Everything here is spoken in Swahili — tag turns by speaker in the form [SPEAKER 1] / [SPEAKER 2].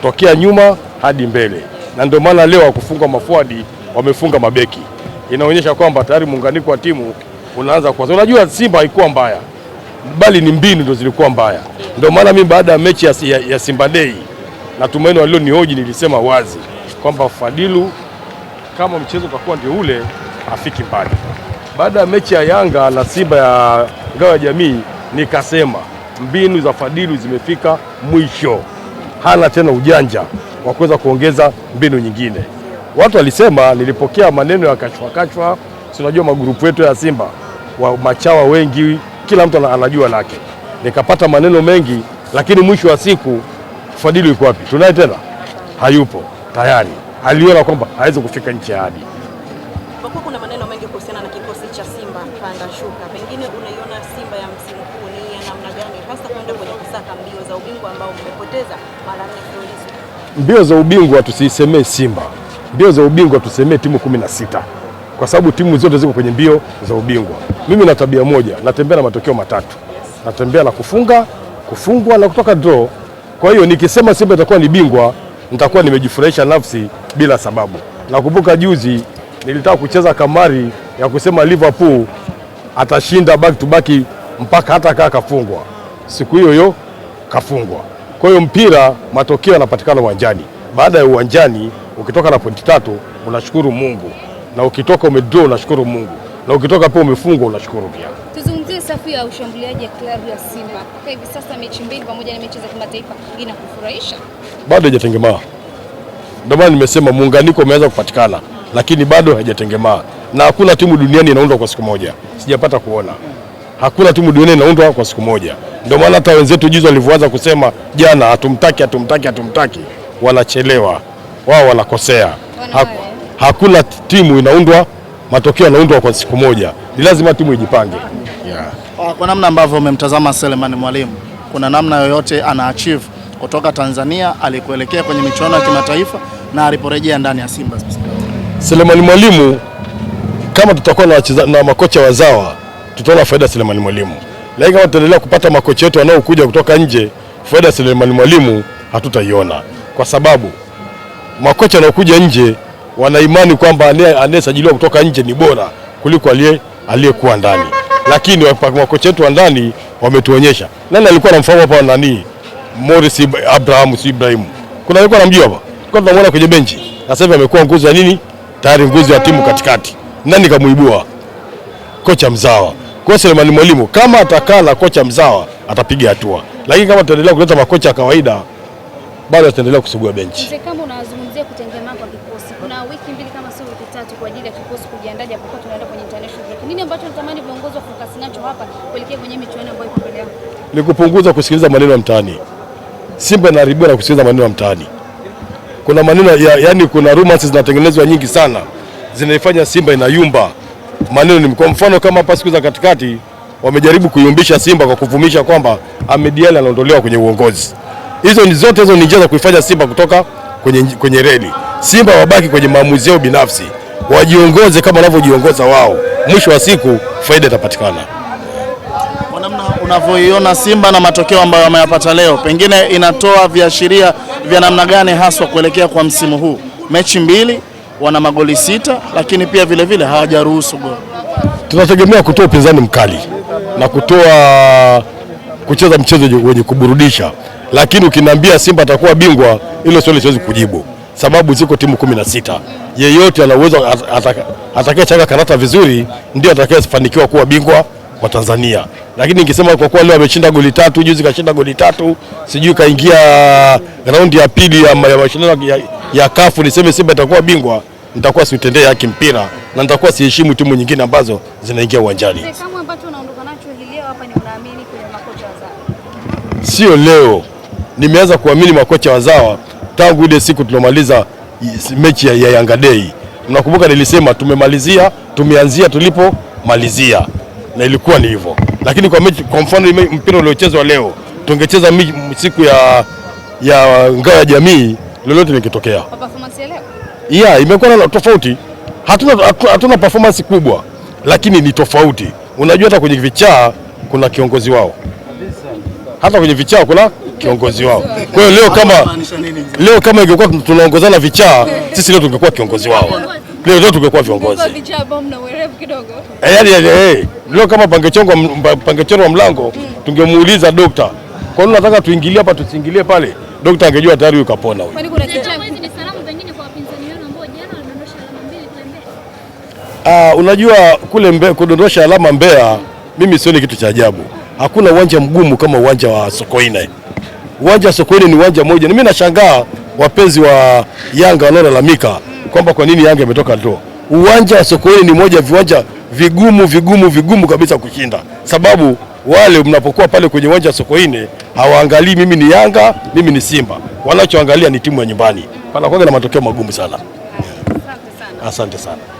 [SPEAKER 1] kutokea nyuma hadi mbele, na ndio maana leo wakufunga mafuadi, wamefunga mabeki. Inaonyesha kwamba tayari muunganiko wa timu unaanza kuanza. Unajua Simba haikuwa mbaya, bali ni mbinu ndio zilikuwa mbaya. Ndio maana mimi baada ya mechi ya, ya, ya Simba Day na Tumaini walionihoji nilisema wazi kwamba Fadilu, kama mchezo utakuwa ndio ule, hafiki mbali. Baada ya mechi ya Yanga na Simba ya ngao ya jamii nikasema mbinu za Fadilu zimefika mwisho hana tena ujanja wa kuweza kuongeza mbinu nyingine. Watu walisema, nilipokea maneno ya kachwa kachwa, si unajua magurupu yetu ya Simba wa machawa wengi, kila mtu anajua lake, nikapata maneno mengi, lakini mwisho wa siku Fadhili yuko wapi? Tunaye tena hayupo. Tayari aliona kwamba hawezi kufika nchi ya
[SPEAKER 2] kuhusiana na kikosi cha Simba panda shuka, pengine unaiona Simba ya msimu huu ni ya namna gani, hasa kwenda kwenye kusaka mbio za ubingwa ambao umepoteza mara nne mfululizo?
[SPEAKER 1] Mbio za ubingwa tusisemee Simba, mbio za ubingwa tusemee timu kumi na sita kwa sababu timu zote ziko kwenye mbio za ubingwa. Mimi na tabia moja, natembea na matokeo matatu, natembea na kufunga, kufungwa na kutoka draw. Kwa hiyo nikisema Simba itakuwa ni bingwa nitakuwa nimejifurahisha nafsi bila sababu. Nakumbuka juzi nilitaka kucheza kamari ya kusema Liverpool atashinda back to back mpaka hata kaa kafungwa siku hiyo hiyo kafungwa. Kwa hiyo mpira, matokeo yanapatikana uwanjani. Baada ya uwanjani, ukitoka na pointi tatu unashukuru Mungu, na ukitoka umedraw unashukuru Mungu, na ukitoka pia umefungwa unashukuru pia.
[SPEAKER 2] Tuzungumzie safu ya ushambuliaji ya klabu ya Simba kwa hivi sasa, mechi mbili pamoja na mechi za kimataifa, inakufurahisha?
[SPEAKER 1] Bado haijatengemaa, ndio maana nimesema muunganiko umeanza kupatikana, lakini bado haijatengemaa na hakuna timu duniani inaundwa kwa siku moja, sijapata kuona hakuna timu duniani inaundwa kwa siku moja. Ndio maana hata wenzetu juzi walivyoanza kusema jana, hatumtaki hatumtaki hatumtaki, wanachelewa wao, wanakosea. Hakuna timu inaundwa, matokeo yanaundwa kwa siku moja, ni lazima timu ijipange
[SPEAKER 3] yeah. Ah, kwa namna ambavyo umemtazama Selemani Mwalimu, kuna namna yoyote ana achieve kutoka Tanzania alikuelekea kwenye michuano ya kimataifa na aliporejea ndani ya Simba?
[SPEAKER 1] Selemani Mwalimu kama tutakuwa na, na makocha wazawa tutaona faida Selemani Mwalimu, lakini kama tutaendelea kupata makocha wetu wanaokuja kutoka nje, faida Selemani Mwalimu hatutaiona, kwa sababu makocha wanaokuja nje wana imani kwamba anayesajiliwa kutoka nje ni bora kuliko aliyekuwa ndani. Lakini makocha wetu wa ndani wametuonyesha. Nani alikuwa anamfahamu hapa nani? Morris Abraham si Ibrahim. Kuna alikuwa anamjua hapa. Kwa tunamwona kwenye benchi. Sasa hivi amekuwa nguzo ya nini? Tayari nguzo ya timu katikati nani kamuibua? Kocha mzawa. Kwa Selemani Mwalimu kama atakala kocha mzawa atapiga hatua, lakini kama tutaendelea kuleta makocha ya kawaida bado tutaendelea kusugua benchi.
[SPEAKER 2] Mzee, kama unazungumzia kutengemaa kwa kikosi, kuna wiki mbili kama sio wiki tatu kwa ajili ya kikosi kujiandaa, kwa tunaenda kwenye international break. Nini ambacho natamani viongozi wa focus nacho hapa kuelekea kwenye michuano ambayo iko mbele yao?
[SPEAKER 1] Ni kupunguza kusikiliza maneno ya mtaani. Simba inaharibiwa na kusikiliza maneno ya mtaani. Kuna maneno ya, yani kuna rumors zinatengenezwa nyingi sana zinaifanya Simba inayumba. Maneno ni kwa mfano kama hapa siku za katikati wamejaribu kuyumbisha Simba kwa kuvumisha kwamba Ahmed Ally anaondolewa kwenye uongozi. Hizo ni zote hizo ni njia za kuifanya Simba kutoka kwenye, kwenye reli. Simba wabaki kwenye maamuzi yao binafsi, wajiongoze kama wanavyojiongoza wao. Mwisho wa siku faida itapatikana.
[SPEAKER 3] Kwa namna unavyoiona Simba na matokeo ambayo wameyapata leo, pengine inatoa viashiria vya namna gani haswa kuelekea kwa msimu huu? Mechi mbili wana magoli sita, lakini pia vilevile hawajaruhusu goli.
[SPEAKER 1] Tunategemea kutoa upinzani mkali na kutoa kucheza mchezo wenye kuburudisha, lakini ukiniambia Simba atakuwa bingwa, hilo swali siwezi kujibu, sababu ziko timu kumi na sita. Yeyote ana uwezo, atakayechanga karata vizuri ndio atakayefanikiwa kuwa bingwa wa Tanzania. Lakini ningesema kwa kuwa leo ameshinda goli tatu, juzi kashinda goli tatu, sijui kaingia raundi ya pili ya mashindano ya, ya, ya kafu, niseme Simba itakuwa bingwa, nitakuwa siutendee haki mpira na nitakuwa siheshimu timu nyingine ambazo zinaingia uwanjani. Sio leo nimeanza kuamini makocha wazawa tangu ile siku tulomaliza mechi ya Yanga Day. Mnakumbuka nilisema tumemalizia, tumeanzia tulipomalizia, na ilikuwa ni hivyo. Lakini kwa mechi, kwa mfano mpira uliochezwa leo, tungecheza siku ya ya ngao ya jamii, lolote leo yeah, imekuwa na tofauti. Hatuna, hatuna performance kubwa, lakini ni tofauti. Unajua hata kwenye vichaa kuna kiongozi wao, hata kwenye vichaa kuna kiongozi wao. Kwa hiyo leo kama leo kama ingekuwa tunaongozana vichaa, sisi leo tungekuwa kiongozi wao, leo leo tungekuwa viongozi eh, yaani eh, leo kama pangechongwa wa mlango, tungemuuliza dokta, kwa nini unataka tuingilie hapa tusiingilie pale? Dokta angejua tayari huyu kapona huyu. Uh, unajua kule mbe, kudondosha alama Mbeya mimi sioni kitu cha ajabu. Hakuna uwanja mgumu kama uwanja wa Sokoine. Uwanja wa Sokoine ni uwanja mmoja. Mimi nashangaa wapenzi wa Yanga wanaolalamika kwamba kwa nini Yanga imetoka draw. Uwanja wa Sokoine ni moja viwanja vigumu vigumu vigumu kabisa kushinda, sababu wale mnapokuwa pale kwenye uwanja wa Sokoine hawaangalii mimi ni Yanga, mimi ni Simba, wanachoangalia ni timu ya nyumbani. Panakuwa na matokeo magumu sana. Asante sana.